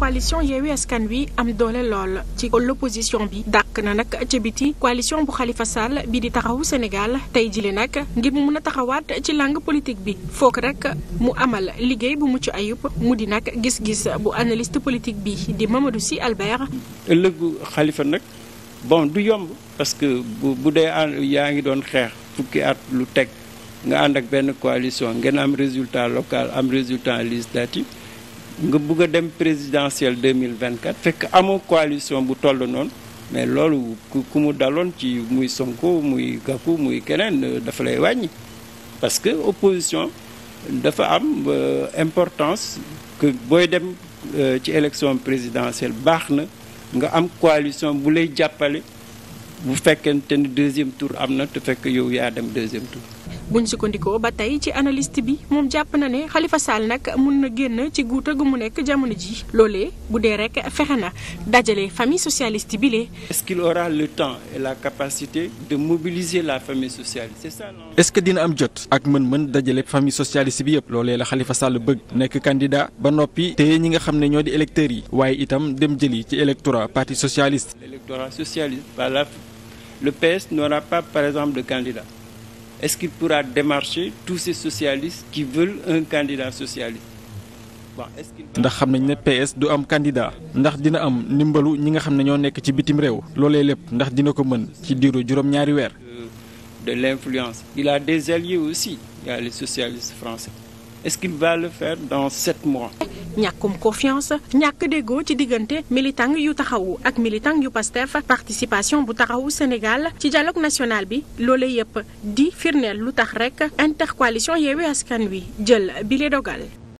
coalition Yewwi Askan Wi am doole lool ci l'opposition bi dàq na nag ca biti coalition bu xalifa Sall bi di taxawu Sénégal tey jile nag ngir mu mën a taxawaat ci langue politique bi foog rek mu amal liggéey bu mucc ayub mu di nag gis-gis bu analyste politique bi di Mamadou si Albert. ëllëgu xalifa nag bon du yomb parce que bu dee dee yaa ngi doon xeex fukki at lu teg nga ànd ak benn coalition ngeen am résultat local am résultat législatif. nga bugg a dem présidentielle 2024 fekk amoo coalition bu toll noonu mais loolu ku mu daloon ci muy Sonko muy Gakou muy keneen euh, dafa lay wàññi parce que opposition dafa am euh, importance que booy dem euh, ci élection présidentielle baax na nga am coalition bu lay jàppale bu fekkente ni deuxième tour am na te fekk yow yaa dem deuxième tour buñ sukkandikoo ba tey ci analyste bi moom jàpp na ne xalifa Sall nag mun na génn ci guuta gu mu nekk jamono ji loolee bu dee rek fexe na dajale famille socialiste bi lee. est temps et capacité de mobiliser famille socialiste c'est est-ce que dina am jot ak mën-mën dajale famille socialiste bi yëpp loolee la xalifa Sall bëgg nekk candidat ba noppi te ñi nga xam ne ñoo di électeurs yi waaye itam dem jëli ci électorat parti socialiste. l'électorat socialiste par là le PS n'aura pas par exemple de candidat. est-ce qu'il pourra démarcher tous ces socialistes qui veulent un candidat socialiste ndax xam nañ ne PS du am candidat ndax dina am ndimbalu ñi nga xam ne ñoo nekk ci bitim réew loole lépp ndax dina ko mën ci diiru juróom-ñaari weer. Euh, de l'influence il a des alliés aussi il y a les socialistes français est-ce qu'il va le faire dans sept mois. ñàkkum confiance ñàkk déggoo ci diggante militant yu taxawu ak militant yu Pastef participation bu taxawu Sénégal ci dialogue national bi loole yëpp di firndeel lu tax rek intercoalition Yewwi Askan Wi jël bile dogal